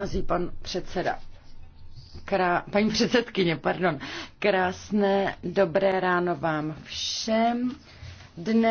Azí pan předseda. Krá... Paní předsedkyně, pardon. Krásné dobré ráno vám všem. Dnes